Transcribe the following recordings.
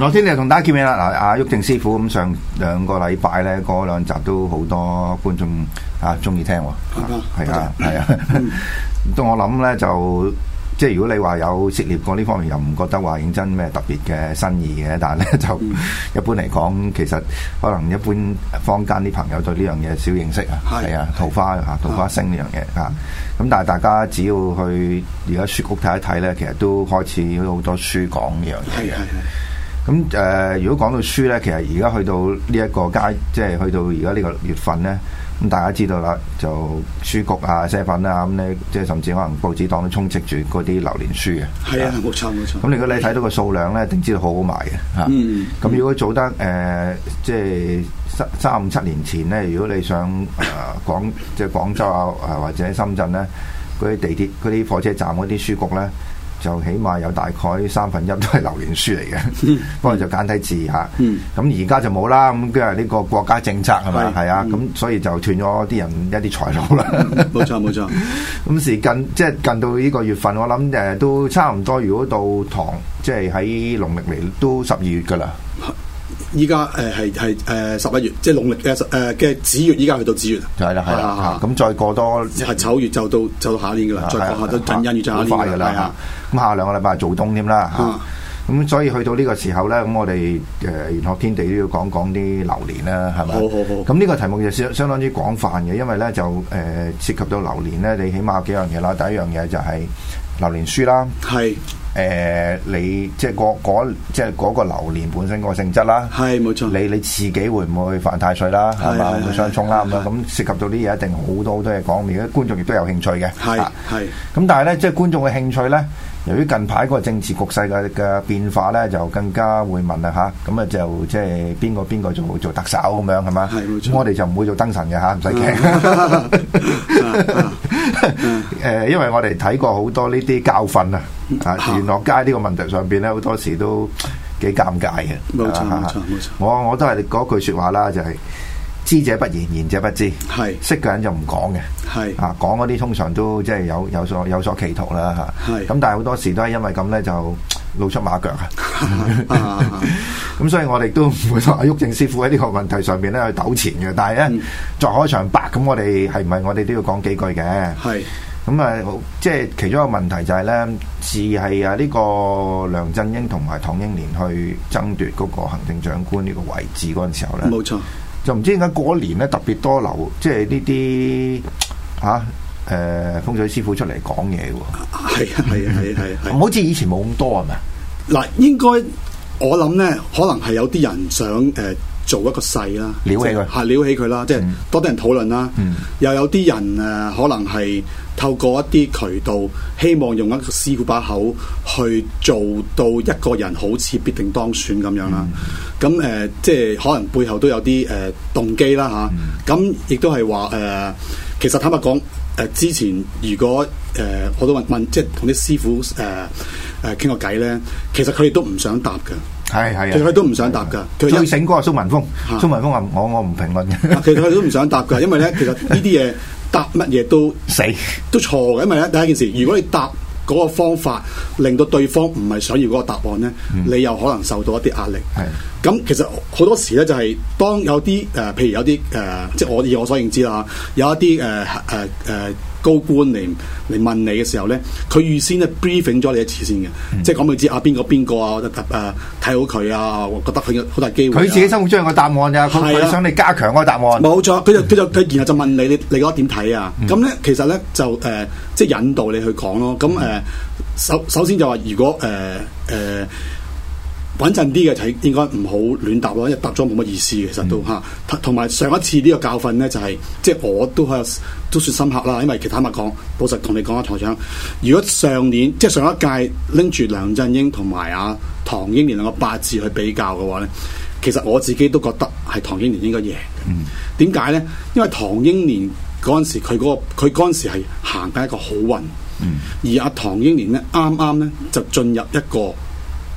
昨天你又同大家見面啦。嗱、啊，阿毓証師傅咁，上兩個禮拜咧，嗰、那個、兩集都好多觀眾啊，中意聽喎。係啊，係啊。到我諗咧，就即係如果你話有涉獵過呢方面，又唔覺得話認真咩特別嘅新意嘅。但係咧就、嗯、一般嚟講，其實可能一般坊間啲朋友對呢樣嘢少認識對 啊。係啊，桃花啊，桃花星呢樣嘢啊。咁但係大家只要去而家書局睇一睇咧，其實都開始有好多書講呢樣嘢。咁誒、嗯呃，如果講到書咧，其實而家去到呢一個街，即係去到而家呢個月份咧，咁大家知道啦，就書局啊、書品啊咁咧、嗯，即係甚至可能報紙檔都充斥住嗰啲流年書嘅。係啊，冇錯冇錯。咁如果你睇到個數量咧，定知道好好賣嘅嚇。咁、啊嗯嗯、如果早得誒、呃，即係三三五七年前咧，如果你想誒、呃、廣即係廣州啊，或者深圳咧，嗰啲地鐵、嗰啲火車站嗰啲書局咧。就起碼有大概三分一都係流年書嚟嘅，不過 就簡體字嚇。咁而家就冇啦，咁因為呢個國家政策係咪？係是啊，咁、嗯、所以就斷咗啲人一啲財路啦。冇錯冇錯，咁 錯時近即係近到呢個月份，我諗誒都差唔多，如果到唐即係喺農曆嚟都十二月㗎啦。 依家誒係係誒十一月，即係農曆嘅誒嘅子月，依家去到子月，就係啦，係啦，咁再過多即係丑月就到就到下一年噶啦，再過都陣陰月就下一年嘅啦。咁下兩個禮拜做冬添啦，嚇。咁所以去到呢個時候咧，咁我哋誒玄學天地都要講講啲流年啦，係咪？好。咁呢個題目就相相當之廣泛嘅，因為咧就誒涉及到流年咧，你起碼幾樣嘢啦。第一樣嘢就係。流年書啦，係是，誒、呃、你即係嗰即係嗰、那個流年本身嗰個性質啦，係冇錯。你你自己會唔會犯太歲啦？係咪吧會相沖啦？咁樣咁涉及到啲嘢一定好多好多嘢講，而家觀眾亦都有興趣嘅，係係。咁但係咧，即係觀眾嘅興趣咧。由於近排個政治局勢嘅嘅變化咧，就更加會問啦吓，咁啊就即係邊個邊個做做特首咁樣係嘛？係冇錯。我哋就唔會做燈神嘅吓，唔使驚。誒， 因為我哋睇過好多呢啲教訓啊，啊，元朗街呢個問題上邊咧，好多時都幾尷尬嘅。冇錯，啊、冇錯，啊、冇錯。我我都係嗰句説話啦，就係、是。知者不言，言者不知。係識嘅人就唔講嘅。係啊，講嗰啲通常都即係有有所有所企圖啦。吓，咁但係好多時都係因為咁咧就露出馬腳啊。咁所以我哋都唔會話毓証師傅喺呢個問題上邊咧去糾纏嘅。但係咧，再開場白咁，我哋係唔係我哋都要講幾句嘅。係咁啊，即係其中一個問題就係咧，是係啊呢個梁振英同埋唐英年去爭奪嗰個行政長官呢個位置嗰陣時候咧。冇錯。就唔知點解過年咧特別多流，即係呢啲嚇誒風水師傅出嚟講嘢喎。啊， 係啊，係啊，係啊，唔 好似以前冇咁多係咪？嗱，應該我諗咧，可能係有啲人想誒。呃做一個勢啦，撩起佢嚇，撩起佢啦，嗯、即係多啲人討論啦。嗯、又有啲人誒、呃，可能係透過一啲渠道，希望用一個師傅把口去做到一個人好似必定當選咁樣啦。咁誒、嗯呃，即係可能背後都有啲誒、呃、動機啦嚇。咁、啊、亦、嗯、都係話誒，其實坦白講誒、呃，之前如果誒、呃、我都問問，即係同啲師傅誒誒傾個偈咧，其實佢哋都唔想答嘅。係係啊，佢都唔想答㗎。最醒嗰個蘇文峰，係啊、蘇文峰話：我我唔評論嘅。其實佢都唔想答㗎，因為咧，其實呢啲嘢答乜嘢都死，都錯嘅。因為咧，第一件事，如果你答嗰個方法，令到對方唔係想要嗰個答案咧，嗯、你又可能受到一啲壓力。係。咁其實好多時咧，就係當有啲誒、呃，譬如有啲誒、呃，即係我以我所認知啦，有一啲誒誒誒。呃呃呃呃高官嚟嚟問你嘅時候咧，佢預先咧 briefing 咗你一次先嘅，嗯、即係講俾你知啊邊個邊個啊，我誒睇好佢啊，我覺得佢有好大機會、啊。佢自己心目中有嘅答案啫、啊，佢、啊、想你加強嗰個答案。冇錯，佢就佢就佢然後就問你你你覺得點睇啊？咁咧、嗯、其實咧就誒、呃、即係引導你去講咯。咁誒首首先就話如果誒誒。呃呃穩陣啲嘅就係應該唔好亂答咯，一答咗冇乜意思其實都嚇。同埋、嗯、上一次呢個教訓咧，就係、是、即係我都係都算深刻啦，因為其實坦白講，老實同你講啊台長，如果上年即係上一屆拎住梁振英同埋阿唐英年兩個八字去比較嘅話咧，其實我自己都覺得係唐英年應該贏嘅。點解咧？因為唐英年嗰陣時佢嗰個佢嗰陣時係行緊一個好運，嗯、而阿、啊、唐英年咧啱啱咧就進入一個誒。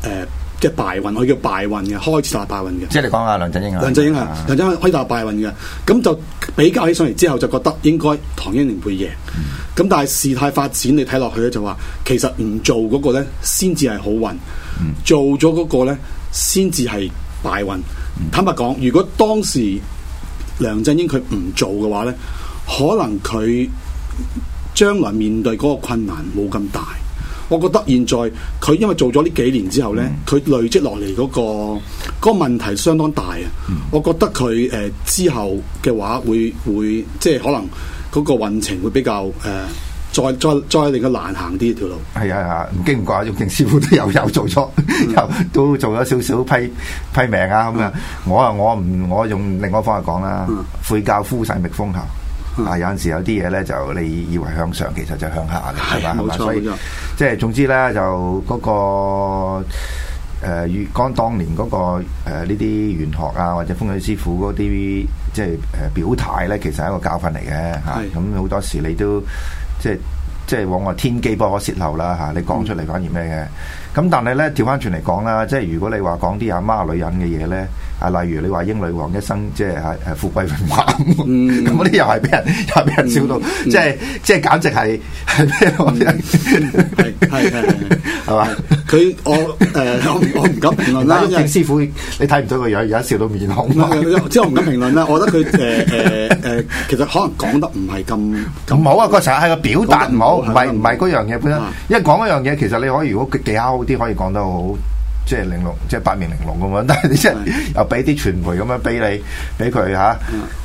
呃即係敗運，佢叫敗運嘅，開始運就係敗運嘅。即係你講下梁振英啊。梁振英啊，梁振英開頭打敗運嘅，咁就比較起上嚟之後，就覺得應該唐英年會贏。咁、嗯、但係事態發展，你睇落去咧，就話其實唔做嗰個咧，先至係好運；嗯、做咗嗰個咧，先至係敗運。嗯、坦白講，如果當時梁振英佢唔做嘅話咧，可能佢將來面對嗰個困難冇咁大。我覺得現在佢因為做咗呢幾年之後咧，佢累積落嚟嗰個嗰、嗰個問題相當大啊！我覺得佢誒、呃、之後嘅話會會即係可能嗰個運程會比較誒、呃、再再再令個難行啲條路。係啊，啊，唔經唔覺，毓証師傅都 又又做咗，又都做咗少少批批命啊！咁啊、嗯，我啊我唔我用另外一方法講啦，悔教夫婿覓封侯。啊！有陣時有啲嘢咧，就你以為向上，其實就向下嘅，係嘛？係嘛？所以沒錯 即係總之咧，就嗰、那個誒粵江當年嗰、那個呢啲、呃、玄學啊，或者風水師傅嗰啲即係誒、呃、表態咧，其實係一個教訓嚟嘅嚇。咁好是的、啊、多時你都即係。即係往外天機不可泄露啦嚇，你講出嚟反而咩嘅？咁、嗯、但係咧，調翻轉嚟講啦，即係如果你話講啲阿媽女人嘅嘢咧，啊，例如你話英女王一生即係係係富貴榮華，咁嗰啲又係俾人又俾人笑到，即係即係簡直係係咩？係係係係係，係嘛、嗯？ 佢我誒、呃、我唔敢評論啦，來因為師傅你睇唔到個樣，而家笑到面紅。即係不 我唔敢評論啦。我覺得佢誒誒誒，其實可能講得唔係咁。咁好啊！個時候係個表達唔好，唔係唔係嗰樣嘢本身的因為講嗰樣嘢，其實你可以如果技巧啲，可以講得好好。即係玲瓏，即係八面玲瓏咁樣，但係你即係又俾啲傳媒咁樣俾你，俾佢吓，誒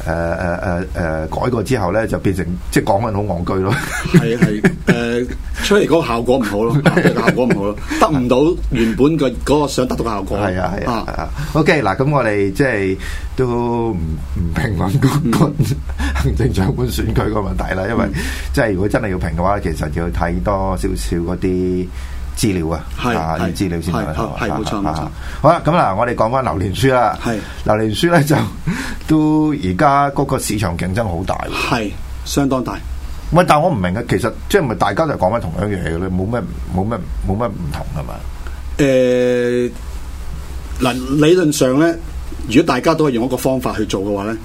誒誒誒改過之後咧，就變成即係講緊好戇居咯。係係誒，出嚟嗰個效果唔好咯、 啊，效果唔好咯，得唔到原本嘅個想達到嘅效果。係啊係啊係啊。啊啊 OK，嗱，咁我哋即係都唔唔評論行政長官選舉個問題啦，因為即係如果真係要評嘅話，其實要睇多少少嗰啲。資料啊，啊啲資料先係嘛，啊好啦，咁嗱，我哋講翻流年書啦，流年書咧就都而家嗰個市場競爭好大，係相當大。喂，但係我唔明啊，其實即係咪大家都係講緊同樣一樣嘢咧，冇咩冇咩冇咩唔同係嘛？誒，嗱，理論上咧，如果大家都係用一個方法去做嘅話咧。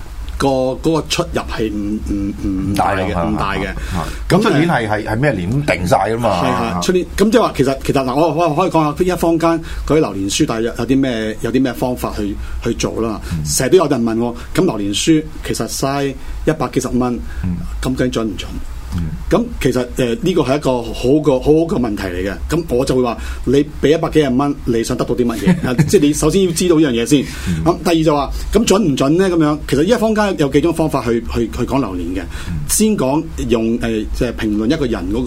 個嗰個出入係唔唔唔大嘅，咁大嘅。咁、嗯嗯、那出年係係係咩年定晒啊嘛？出年咁即係話，其實其實嗱，我我可以講下，一坊間啲流年書大約有啲咩有啲咩方法去去做啦。成日都有人問我，咁流年書其實嘥一百幾十蚊，咁究竟準唔準？嗯嗯咁其實誒呢、呃這個係一個好個好好嘅問題嚟嘅，咁我就會話你俾一百幾廿蚊，你想得到啲乜嘢啊？即係你首先要知道呢樣嘢先。咁、嗯嗯、第二就話咁準唔準呢？咁樣其實一坊間有幾種方法去去去講流年嘅。先講用誒即係評論一個人嗰、嗰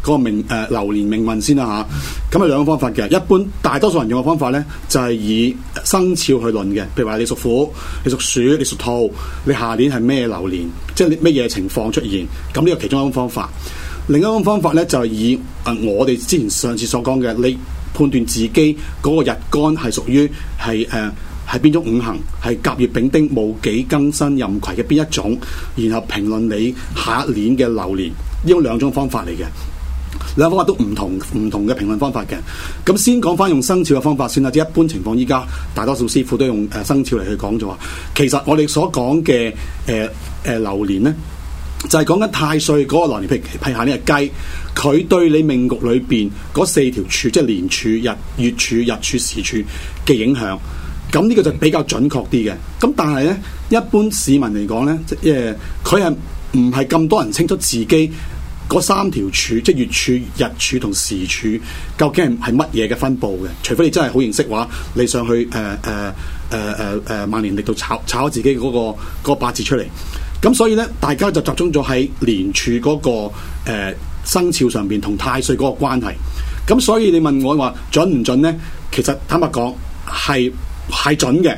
個、嗰個呃、流年命誒流年命運先啦吓，咁係兩個方法嘅。一般大多數人用嘅方法呢，就係、是、以生肖去論嘅。譬如話你屬虎，你屬鼠，你屬兔，你下年係咩流年？即係乜嘢情況出現？咁呢個其中一種方法。另一種方法咧，就係、是、以誒、呃、我哋之前上次所講嘅，你判斷自己嗰個日干係屬於係誒係邊種五行，係甲乙丙丁戊己庚辛壬癸嘅邊一種，然後評論你下一年嘅流年，呢種兩種方法嚟嘅。兩方法都唔同唔同嘅評論方法嘅。咁先講翻用生肖嘅方法先啦，即一般情況，依家大多數師傅都用誒生肖嚟去講咗。其實我哋所講嘅誒誒流年咧。呃呃就係講緊太歲嗰個來年，譬如譬下呢隻雞，佢對你命局裏邊嗰四條柱，即係年柱、日月柱、日柱、時柱嘅影響。咁、這、呢個就比較準確啲嘅。咁但係咧，一般市民嚟講咧，即係佢係唔係咁多人清楚自己嗰三條柱，即係月柱、日柱同時柱究竟係乜嘢嘅分布嘅？除非你真係好認識話，你上去誒誒誒誒誒萬年歷度炒炒自己嗰、那個嗰、那個八字出嚟。咁所以咧，大家就集中咗喺年柱嗰個、呃、生肖上邊同太歲嗰個關係。咁、嗯、所以你問我話準唔準呢？其實坦白講係係準嘅，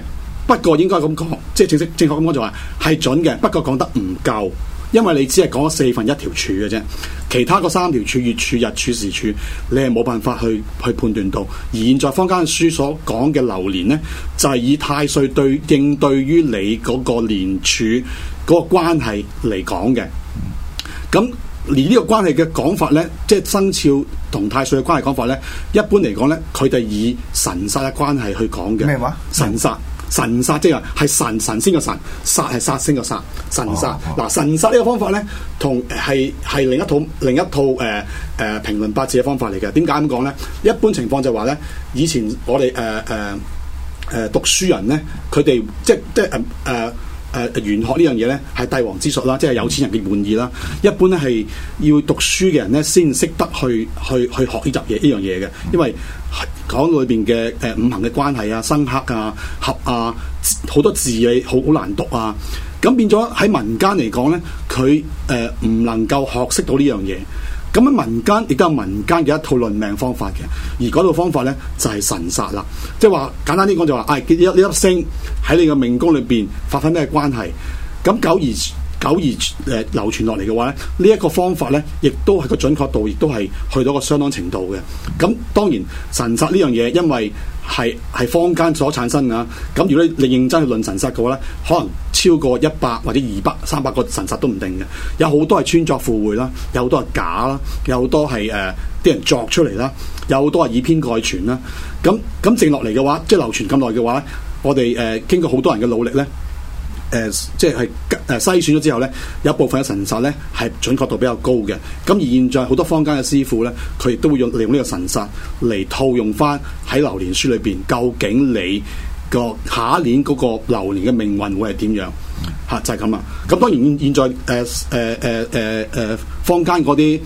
不過應該咁講，即係正式正，正確咁講就話係準嘅，不過講得唔夠，因為你只係講咗四分一條柱嘅啫，其他嗰三條柱、月柱、日柱、時柱，你係冇辦法去去判斷到。而現在坊間書所講嘅流年呢，就係、是、以太歲對應對於你嗰個年柱。嗰個關係嚟講嘅，咁而呢個關係嘅講法咧，即係生肖同太歲嘅關係講法咧，一般嚟講咧，佢哋以神煞嘅關係去講嘅。咩話？神煞，神煞即係係神神仙嘅神，煞係煞星嘅煞。神煞嗱、哦啊、神煞呢個方法咧，同係係另一套另一套誒誒、呃呃、評論八字嘅方法嚟嘅。點解咁講咧？一般情況就話咧，以前我哋誒誒誒讀書人咧，佢哋即即係誒。呃呃誒，玄、呃、學呢樣嘢呢，係帝王之術啦，即係有錢人嘅玩意啦。一般咧係要讀書嘅人呢，先識得去去去學呢集嘢呢樣嘢嘅，因為講裏邊嘅誒五行嘅關係啊、生克啊、合啊，好多字你好好難讀啊。咁變咗喺民間嚟講呢，佢誒唔能夠學識到呢樣嘢。咁民間亦都有民間嘅一套論命方法嘅，而嗰套方法咧就係神煞啦，即係話簡單啲講就話，唉，呢粒星喺你嘅命宮裏邊發生咩關係？咁久而久而誒流傳落嚟嘅話咧，呢一個方法咧，亦都係個準確度，亦都係去到個相當程度嘅。咁當然神煞呢樣嘢，因為係係坊間所產生噶，咁如果你認真去論神煞嘅話咧，可能超過一百或者二百、三百個神煞都唔定嘅。有好多係穿鑿附會啦，有好多係假啦，有好多係誒啲人作出嚟啦，有好多係以偏概全啦。咁咁剩落嚟嘅話，即係流傳咁耐嘅話，我哋誒、呃、經過好多人嘅努力咧。誒、啊、即係誒、啊、篩選咗之後咧，有一部分嘅神煞咧係準確度比較高嘅。咁而現在好多坊間嘅師傅咧，佢亦都會用利用呢個神煞嚟套用返喺流年書裏邊，究竟你個下一年嗰個流年嘅命運會係點樣？嚇、嗯啊、就係咁啦。咁、啊、當然現在誒誒誒誒誒坊間嗰啲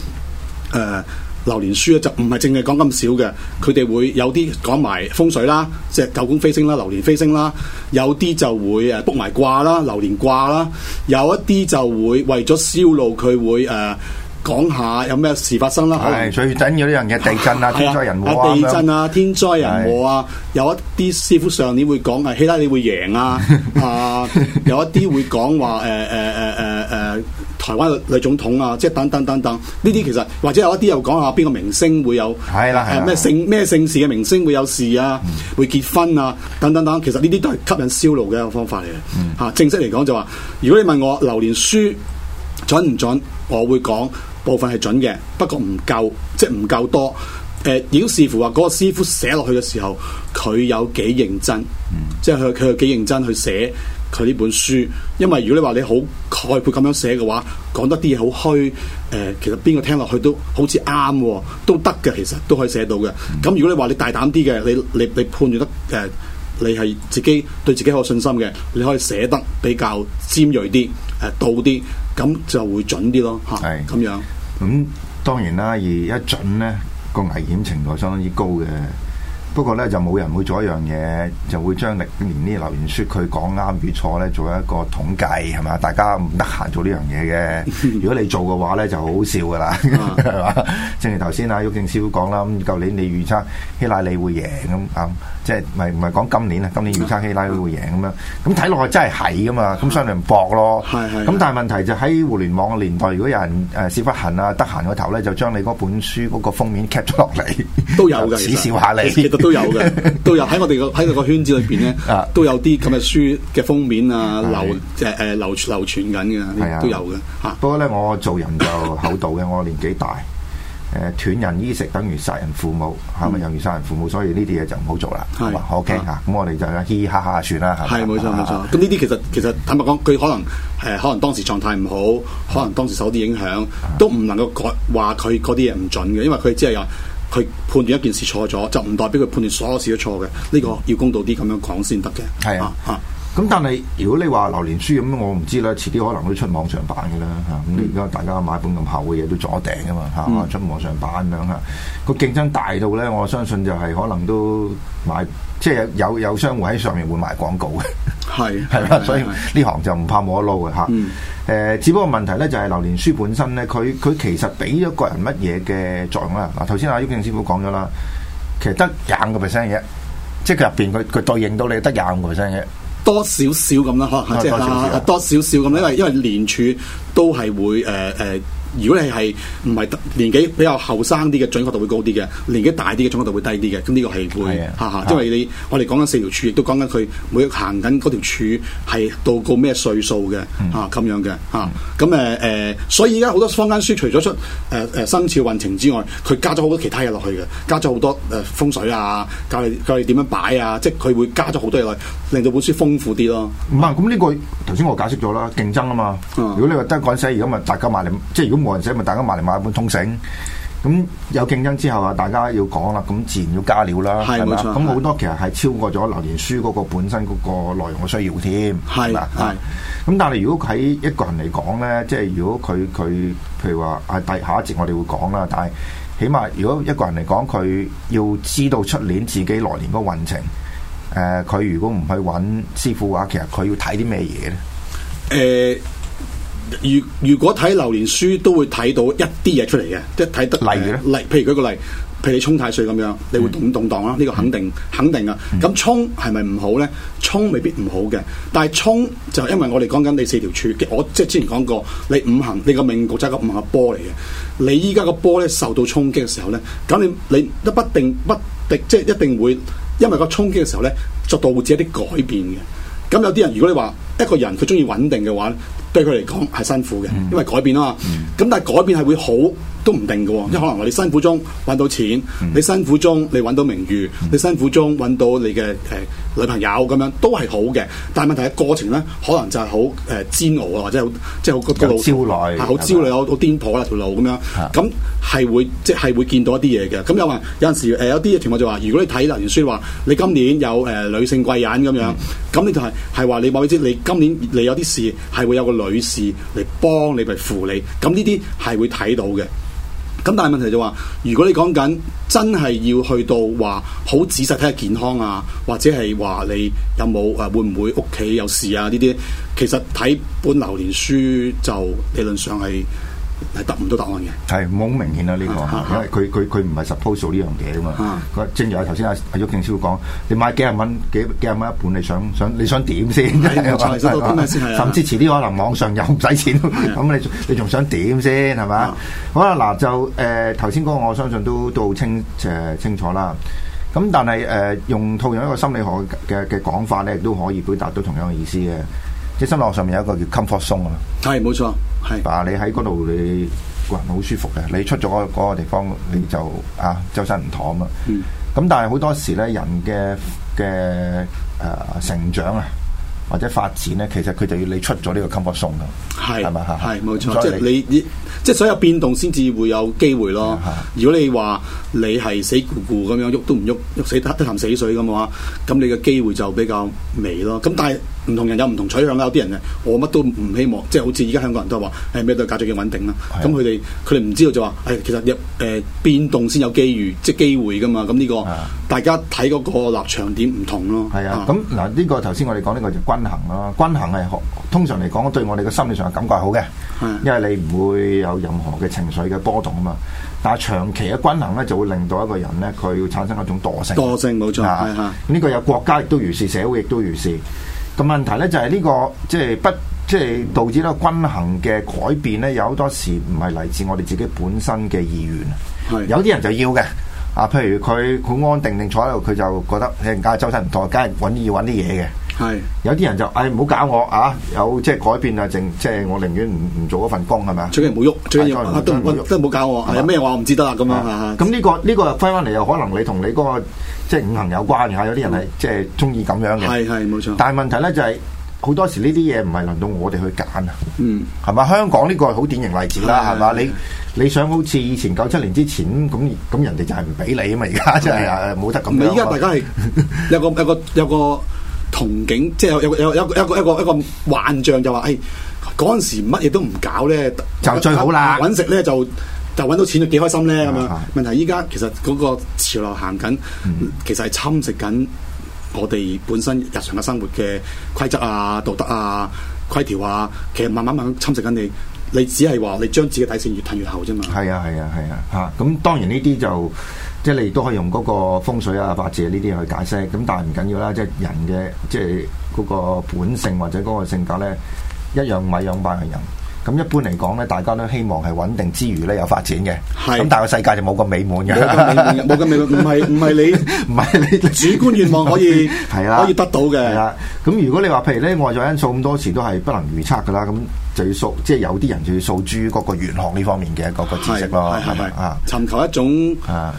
誒。啊流年書啊，就唔係淨係講咁少嘅，佢哋會有啲講埋風水啦，即係九宮飛星啦、流年飛星啦，有啲就會誒卜埋卦啦、流年卦啦，有一啲就會為咗銷路，佢會誒、呃、講下有咩事發生啦。係最緊要啲人嘅地震啊，天災人禍、啊啊、地震啊，天災人禍啊，啊有一啲師傅上年會講啊，希拉里會贏啊， 啊，有一啲會講話誒誒誒誒誒。呃呃呃呃呃呃呃呃台灣女總統啊，即係等等等等，呢啲其實或者有一啲又講下邊個明星會有係啦，係咩、呃、姓咩姓氏嘅明星會有事啊，嗯、會結婚啊，等等等等，其實呢啲都係吸引銷路嘅一個方法嚟嘅。嚇、嗯啊、正式嚟講就話、是，如果你問我流年書準唔準，我會講部分係準嘅，不過唔夠，即係唔夠多。如果視乎話嗰個師傅寫落去嘅時候，佢有幾認真，嗯、即係佢佢有幾認真去寫。佢呢本書，因為如果你話你好概括咁樣寫嘅話，講得啲嘢好虛，誒、呃，其實邊個聽落去都好似啱喎，都得嘅，其實都可以寫到嘅。咁、嗯、如果你話你大膽啲嘅，你你你判斷得誒、呃，你係自己對自己有信心嘅，你可以寫得比較尖鋭啲，誒、呃，到啲，咁就會準啲咯。係咁是樣。咁、嗯、當然啦，而一準咧，個危險程度相當之高嘅。不過咧就冇人會做一樣嘢，就會將歷年呢流年書佢講啱與錯咧做一個統計，係嘛？大家唔得閒做呢樣嘢嘅。 如果你做嘅話咧就好好笑噶啦，係嘛 吧？正如頭先阿毓証師傅講啦，咁舊年你預測希拉里會贏咁啊、嗯，即係唔係唔係講今年啊？今年預測希拉里會贏咁樣，咁睇落去真係係噶嘛？咁商量搏咯，係係 但係問題就喺互聯網嘅年代，如果有人誒屎忽痕啊得閒個頭咧，就將你嗰本書嗰個封面 cap 咗落嚟，都有嘅， 恥笑下你。 都有嘅，都有喺我哋個喺個圈子裏邊咧，都有啲咁嘅書嘅封面啊，流誒誒流流傳緊嘅，都有嘅。不過咧，我做人就厚道嘅，我年紀大，誒斷人衣食等於殺人父母，係咪有如殺人父母？所以呢啲嘢就唔好做啦。好 OK 啊，咁我哋就嘻嘻哈哈算啦。係冇錯冇錯，咁呢啲其實其實坦白講，佢可能誒可能當時狀態唔好，可能當時受啲影響，都唔能夠改話佢嗰啲嘢唔准嘅，因為佢只係有。去判斷一件事錯咗，就唔代表佢判斷所有事都錯嘅。呢、這個要公道啲咁樣講先得嘅。係啊啊，咁、啊、但係如果你話流年書咁，我唔知啦。遲啲可能都出網上版嘅啦。嚇、啊，咁而家大家買本咁厚嘅嘢都左訂啊嘛。嚇、啊，嗯、出網上版咁樣啊，個競爭大到咧，我相信就係可能都買。即係有有商戶喺上面會賣廣告嘅，係係啦， 所以呢 行就唔怕冇得撈嘅吓，誒、嗯呃，只不過問題咧就係、是、流年書本身咧，佢佢其實俾咗個人乜嘢嘅作用啦。嗱、啊，頭先阿毓証師傅講咗啦，其實得廿個 percent 嘅，啫，即係佢入邊佢佢對應到你得廿個 percent 嘅，多少少咁啦，可能即係多少少咁因為因為連署都係會誒誒。呃呃如果你係唔係年紀比較後生啲嘅準確度會高啲嘅，年紀大啲嘅準確度會低啲嘅，咁呢個係會嚇嚇 Yeah.、啊，因為你我哋講緊四條柱，亦都講緊佢每行緊嗰條柱係到個咩歲數嘅嚇，咁樣嘅嚇，咁誒誒，所以而家好多坊間書除咗出誒誒、呃、生肖運程之外，佢加咗好多其他嘢落去嘅，加咗好多誒、呃、風水啊，教你教你點樣擺啊，即係佢會加咗好多嘢落去，令到本書豐富啲咯。唔係、嗯，咁呢、個頭先我解釋咗啦，競爭啊嘛。如果你話得講死，如果咪大家買即係如果。.冇人寫咪大家買嚟買，買一本通勝，咁有競爭之後啊，大家要講啦，咁自然要加料啦，係咁，好多其實係超過咗流年書嗰個本身嗰個內容需要添，係嘛？係。咁但係如果喺一個人嚟講咧，即係如果佢佢，譬如話係第下一節我哋會講啦，但係起碼如果一個人嚟講，佢要知道出年自己來年嗰個運程，誒、呃，佢如果唔去揾師傅話，其實佢要睇啲咩嘢咧？誒、欸。如如果睇流年書都會睇到一啲嘢出嚟嘅，即係睇得例咧，例譬如舉個例，譬如你沖太歲咁樣，你會動、嗯、動盪啦。呢、這個肯定、嗯、肯定噶。咁沖係咪唔好咧？沖未必唔好嘅，但係沖就因為我哋講緊你四條柱嘅，我即係之前講過，你五行你個命局就係個五行嘅波嚟嘅。你依家個波咧受到衝擊嘅時候咧，咁你你都不定不定，即、就、係、是、一定會因為個衝擊嘅時候咧，就導致一啲改變嘅。咁有啲人如果你話一個人佢中意穩定嘅話。對佢嚟講係辛苦嘅，因為改變啊嘛。咁但係改變係會好都唔定嘅，因為可能話你辛苦中揾到錢，嗯、你辛苦中你揾到名譽，嗯、你辛苦中揾到你嘅誒、呃、女朋友咁樣都係好嘅。但問題係過程咧，可能就係好誒煎熬啊，或者好即係好個路好焦慮，好焦慮，好顛簸啦條路咁樣。咁係會即係、就是、會見到一啲嘢嘅。咁有話有陣時誒、呃、有啲嘅情況就話，如果你睇流年書話，你今年有誒、呃、女性貴人咁樣，咁、嗯、你就係係話你某啲你今年你有啲事係會有個女士嚟幫你嚟扶你。咁呢啲係會睇到嘅。咁但係問題就話、是，如果你講緊真係要去到話，好仔細睇下健康啊，或者係話你有冇誒、啊，會唔會屋企有事啊？呢啲其實睇本流年書就理論上係。係答唔到答案嘅，係冇咁明顯啊！呢、這個，啊、因為佢佢佢唔係 suppose 呢樣嘢啊嘛。嗱，正如啊頭先阿啊毓証師傅講，你買幾廿蚊幾幾廿蚊一本，你想想你想點先？甚至遲啲可能網上又唔使錢，咁的、啊嗯、你你仲想點先係咪？啊、好啦，嗱就誒頭先嗰個我相信都都好清誒、呃、清楚啦。咁但係誒、呃、用套用一個心理學嘅嘅講法咧，亦都可以表達到同樣嘅意思嘅。即係心靈上面有一個叫 comfort zone 啊，係冇錯，係話你喺嗰度你個人好舒服嘅，你出咗嗰個地方你就嚇周身唔妥啊嘛。咁但係好多時咧人嘅嘅誒成長啊或者發展咧，其實佢就要你出咗呢個 comfort zone 㗎，係係咪係冇錯，即係你即係所有變動先至會有機會咯。如果你話你係死咕咕咁樣喐都唔喐，喐死得得啖死水咁嘅話，咁你嘅機會就比較微咯。咁但係唔同人有唔同取向，有啲人啊，我乜都唔希望，即係好似而家香港人都係話，誒咩都價值嘅穩定啦。咁佢哋佢哋唔知道就話，誒、哎、其實入誒、呃、變動先有機遇，即係機會噶嘛。咁呢、這個、啊、大家睇嗰個立場點唔同咯。係啊，咁嗱呢個頭先我哋講呢個就均衡咯，均衡係通常嚟講，對我哋嘅心理上嘅感覺係好嘅，啊、因為你唔會有任何嘅情緒嘅波動啊嘛。但係長期嘅均衡咧，就會令到一個人咧，佢要產生一種惰性。惰性冇錯，呢個、啊啊、有國家亦都如是，社會亦都如是。個問題咧就係、是、呢、這個即係、就是、不即係、就是、導致咧均衡嘅改變咧，有好多時唔係嚟自我哋自己本身嘅意願。是有啲人就要嘅，啊，譬如佢好安定定坐喺度，佢就覺得誒，人家周身唔妥，梗係揾要揾啲嘢嘅。係有啲人就唉，唔好搞我啊！有即係改變啊，淨即係我寧願唔唔做嗰份工係咪啊？最緊要唔好喐，最緊要都都唔好都唔好搞我。係啊，咩話我唔知得啊，咁樣，咁呢個呢個又返返嚟，又可能你同你嗰個即係五行有關啊！有啲人係即係中意咁樣嘅，係，係冇錯。但係問題咧就係好多時呢啲嘢，唔係輪到我哋去揀啊！嗯，係嘛？香港呢個係好典型例子啦，係嘛？你你想好似以前九七年之前咁咁人哋就係唔俾你啊嘛？而家即係冇得咁。你而家大家係有個個有個。同景，即係有有有有一個有一個一個一個幻象就話，誒、哎，嗰陣時乜嘢都唔搞咧，就最好啦，揾食咧就就揾到錢就幾開心咧咁啊！問題依家，其實嗰個潮流行緊，其實係侵蝕緊我哋本身日常嘅生活嘅規則啊、道德啊、規條啊，其實慢慢慢侵蝕緊你，你只係話你將自己底線越褪越後啫嘛。係啊係啊係啊，吓咁、啊啊啊啊、當然呢啲就。即係你都可以用嗰個風水啊、八字啊呢啲去解釋，咁但係唔緊要啦。即係人嘅即係嗰個本性或者嗰個性格咧，一樣米養百樣人。咁一般嚟講咧，大家都希望係穩定之餘咧有發展嘅。咁，但係世界就冇咁美滿嘅，冇咁美滿。唔係唔係你唔係你主觀願望可以係啦，可以得到嘅。係啦。咁如果你話譬如咧外在因素咁多時，都係不能預測㗎啦。咁就要訴，即係有啲人就要訴諸嗰個玄學呢方面嘅一個知識咯。係係啊，尋求一種啊。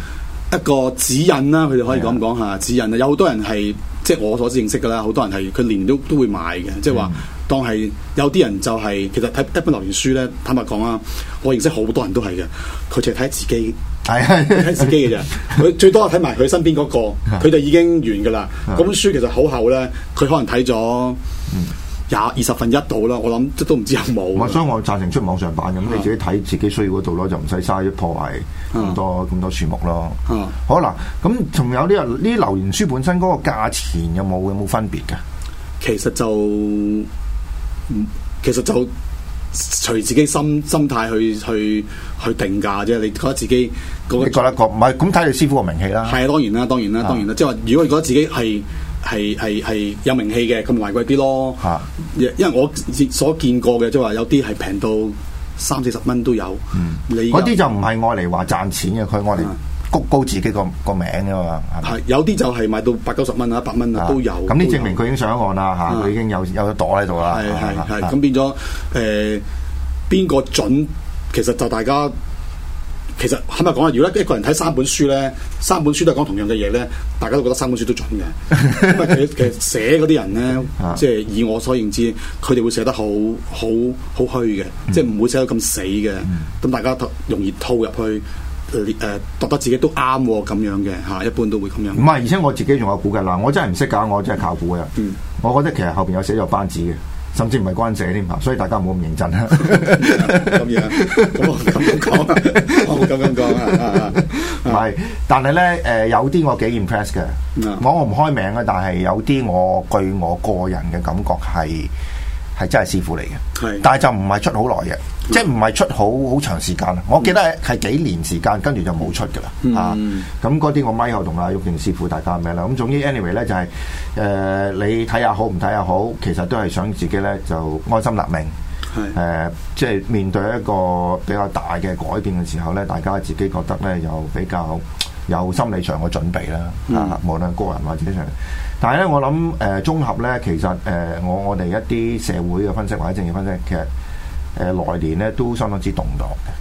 一個指引啦，佢哋可以咁講吓指引啊！有好多人係即係我所知認識噶啦，好多人係佢年都都會買嘅，即係話當係有啲人就係、係、其實睇一本流年書咧。坦白講啊，我認識好多人都係嘅，佢淨係睇自己，係睇 自己嘅啫。佢 最多睇埋佢身邊嗰、嗰個，佢就已經完噶啦。嗰 本書其實好厚咧，佢可能睇咗。 廿二十分一度啦，我諗即都唔知有冇、嗯。所以，我贊成出網上版咁，你自己睇自己需要嗰度咯，就唔使嘥啲破壞咁多咁、嗯、多樹木咯。嗯、好嗱，咁仲有啲人呢啲流年書本身嗰個價錢有冇有冇分別㗎？其實就，其實就隨自己心心態去去去定價啫。你覺得自己、嗰個、你覺得個唔係咁睇你師傅嘅名氣啦。係當然啦，當然啦，當然啦。即係話，如果你覺得自己係。係係係有名氣嘅，咁賣貴啲咯。嚇，因為我所見過嘅，即係話有啲係平到三四十蚊都有。嗯，嗰啲就唔係愛嚟話賺錢嘅，佢愛嚟谷高自己個、啊、個名嘅嘛。係，有啲就係買到八九十蚊啊，一百蚊啊都有。咁呢證明佢已經上岸啦嚇，佢、啊、已經有有咗朵喺度啦。係係係，咁、啊啊啊啊、變咗誒邊個準？其實就大家。其實係咪講啊，如果一個人睇三本書咧，三本書都係講同樣嘅嘢咧，大家都覺得三本書都準嘅。 因為其實寫嗰啲人咧，即係 以我所認知，佢哋會寫得好好好虛嘅，嗯、即係唔會寫得咁死嘅。咁、嗯、大家容易套入去，誒、呃、覺得自己都啱咁、啊、樣嘅吓，一般都會咁樣。唔係，而且我自己仲有估計嗱，我真係唔識搞，我真係靠估嘅。嗯，我覺得其實後邊有寫咗班紙嘅。甚至唔係關者添啊，所以大家唔好咁認真啊，咁樣咁講，我咁樣講啊，唔係，但係咧誒，有啲我幾 impress 嘅，我我唔開名啊，但係有啲我據我個人嘅感覺係。係真係師傅嚟嘅。是但係就唔係出好耐嘅，即係唔係出好好長時間。我記得係幾年時間，嗯、跟住就冇出噶啦。啊，咁嗰啲我咪後同阿毓証師傅大家咩啦？咁總之 anyway 咧就係、是、誒、呃，你睇下好唔睇也好，其實都係想自己咧就安心立命。係即係面對一個比較大嘅改變嘅時候咧，大家自己覺得咧又比較有心理上嘅準備啦。啊，嗯、無論係個人或者上。但係咧，我諗誒、呃、綜合咧，其實誒、呃、我我哋一啲社會嘅分析或者政治分析，其實誒、呃、來年咧都相當之動盪嘅。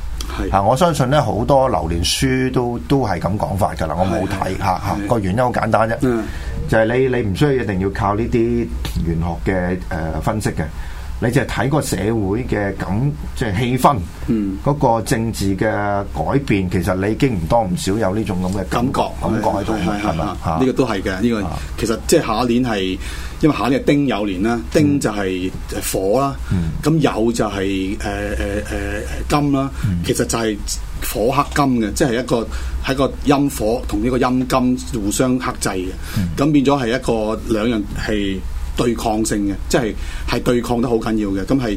係是的 啊，我相信咧好多流年書都都係咁講法噶啦。我冇睇嚇嚇個原因好簡單啫，是的 就係你你唔需要一定要靠呢啲玄學嘅誒、呃、分析嘅。你淨係睇個社會嘅感，即、就、係、是、氣氛，嗯，嗰個政治嘅改變，其實你經唔多唔少有呢種咁嘅感覺，感覺係多，係係啊，呢吧、這個都係嘅，呢、這個其實即係下一年係，因為下一年係丁酉年啦，丁就係火啦，咁、嗯、酉就係誒誒誒金啦，其實就係火克金嘅，即係、嗯、一個喺個陰火同呢個陰金互相克制嘅，咁、嗯、變咗係一個兩樣係。對抗性嘅，即係係對抗得好緊要嘅，咁係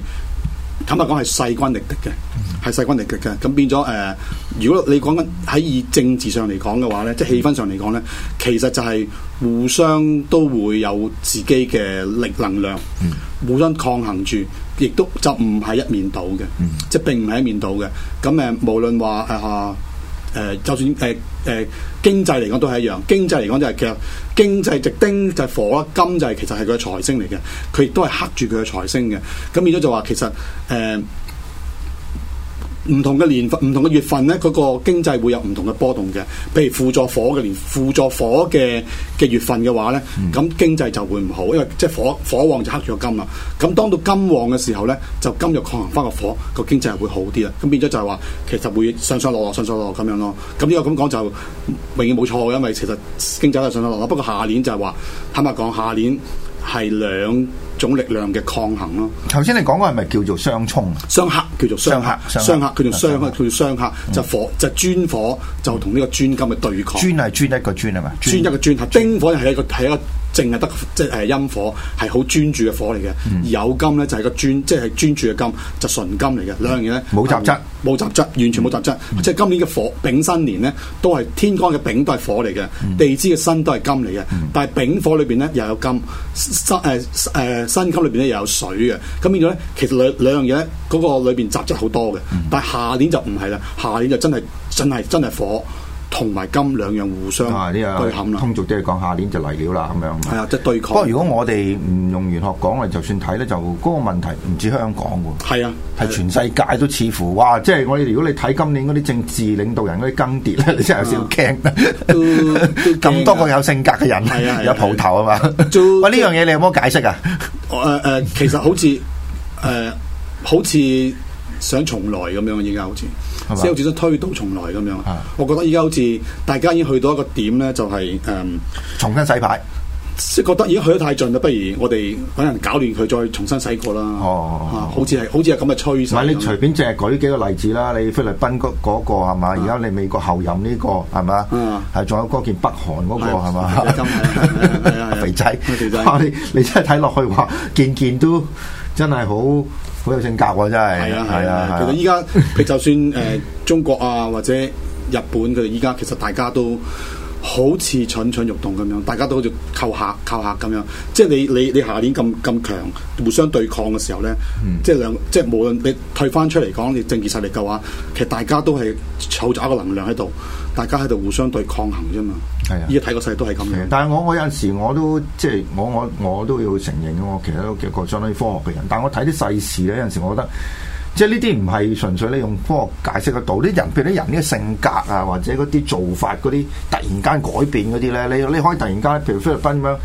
坦白講係勢均力敵嘅，係勢均力敵嘅，咁變咗誒、呃，如果你講緊喺以政治上嚟講嘅話咧，即係氣氛上嚟講咧，其實就係互相都會有自己嘅力能量，嗯、互相抗衡住，亦都就唔係一面倒嘅，嗯、即係並唔係一面倒嘅，咁誒無論話嚇。呃誒、呃，就算誒誒、呃呃、經濟嚟講都係一樣，經濟嚟講就係其實經濟即丁就係火啦，金就係其實係佢嘅財星嚟嘅，佢亦都係剋住佢嘅財星嘅，咁變咗就話其實。誒。就是唔同嘅年份，唔同嘅月份咧，嗰、嗰個經濟會有唔同嘅波動嘅。譬如輔助火嘅年，輔助火嘅嘅月份嘅話咧，咁、嗯、經濟就會唔好，因為即係火火旺就剋咗金啦。咁當到金旺嘅時候咧，就金又抗衡翻個火，嗰個經濟又會好啲啦。咁變咗就係話，其實會上上落落，上上落落咁樣咯。咁呢個咁講就永遠冇錯，因為其實經濟都係上上落落。不過下年就係話坦白講，下年係兩種力量嘅抗衡咯。頭先你講嘅係咪叫做相沖？相克叫做相克，相克叫做相克，叫做相克就火就磚、是、火就同、是、呢個專金嘅對抗。磚係磚，一個磚係咪？磚一個磚，係丁火係一個係一個。淨係得即係陰火，係好專注嘅火嚟嘅。而有金咧就係個專，即係專注嘅金，就純、是、金嚟嘅。兩樣嘢咧冇雜質，冇、呃、雜質，完全冇雜質。嗯、即係今年嘅火丙新年咧，都係天干嘅丙都係火嚟嘅，地支嘅申都係金嚟嘅。但係丙火裏邊咧又有金，申誒誒申金裏邊咧又有水嘅。咁變咗咧，其實兩兩樣嘢咧，嗰、那個裏邊雜質好多嘅。但係下年就唔係啦，下年就真係真係真係火。同埋金兩樣互相對撼啦。通俗啲嚟講，下年就嚟了啦，咁樣。係啊，即係對抗。不過如果我哋唔用玄學講，我哋就算睇咧，就嗰個問題唔止香港喎。係啊，係全世界都似乎哇，即係我哋如果你睇今年嗰啲政治領導人嗰啲更迭咧，你真係有少少驚。咁多個有性格嘅人，係啊，有蒲頭啊嘛。喂，呢樣嘢你有冇解釋啊？誒誒，其實好似誒，好似想重來咁樣，而家好似。即好似推倒重來咁樣，我覺得而家好似大家已經去到一個點咧，就係誒重新洗牌，即係覺得已經去得太盡啦，不如我哋可能搞亂佢，再重新洗過啦。哦，好似係好似係咁嘅趨勢。唔係你隨便淨係舉幾個例子啦，你菲律賓嗰嗰個係嘛？而家你美國後任呢個係嘛？係，仲有嗰件北韓嗰個係嘛？肥仔，你你真係睇落去話件件都～真係好好有性格喎、啊！真係，係啊係啊，啊啊啊啊啊其實依家佢就算誒、 呃、中國啊，或者日本，佢哋依家其實大家都。好似蠢蠢欲動咁樣，大家都好似扣客扣客咁樣，即係你你你下年咁咁強，互相對抗嘅時候咧，嗯、即係兩即係無論你退翻出嚟講，你政治實力嘅話，其實大家都係湊集一個能量喺度，大家喺度互相對抗衡啫嘛。係啊，依家睇個勢都係咁嘅。但係我我有陣時我都即係我我我都要承認，我其實都幾個相當於科學嘅人，但我睇啲世事咧，有陣時我覺得。即係呢啲唔係純粹你用科學解釋得到啲人，譬如啲人啲性格啊，或者嗰啲做法嗰啲，突然間改變嗰啲咧，你你可以突然間，譬如菲律賓咁樣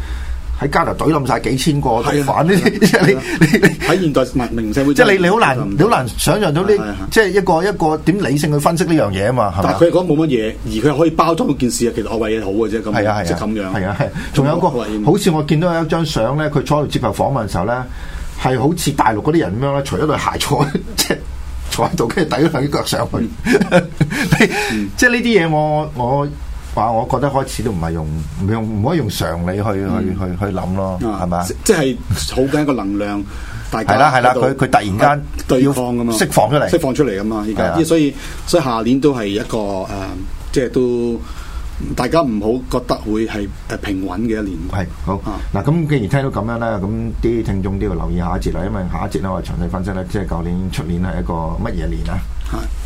喺街頭冧晒幾千個毒犯呢啲，你你喺現代文明社會，即係你你好難你好難想象到呢，即係一個一個點理性去分析呢樣嘢啊嘛，但係佢講冇乜嘢，而佢可以包裝嗰件事啊，其實我為嘢好嘅啫，咁即係咁樣。係啊係，仲有個好似我見到有一張相咧，佢坐喺度接受訪問嘅時候咧。係好似大陸嗰啲人咁樣咧，除咗對鞋坐，坐，即係坐喺度，跟住抵咗對腳上去。即係呢啲嘢，我我話我覺得開始都唔係用，唔用唔可以用常理去、嗯、去去去諗咯，係嘛、啊？即係好緊一個能量，大家喺度、 啊。佢佢、啊、突然間要釋放咁啊，釋放出嚟，釋放出嚟咁嘛，而家、啊，所以所，以所以下年都係一個誒、呃，即係都。大家唔好覺得會係誒平穩嘅一年，係好嗱。咁既然聽到咁樣咧，咁啲聽眾都要留意下一節啦，因為下一節咧我哋詳細分析咧，即係舊年出年係一個乜嘢年啊？係。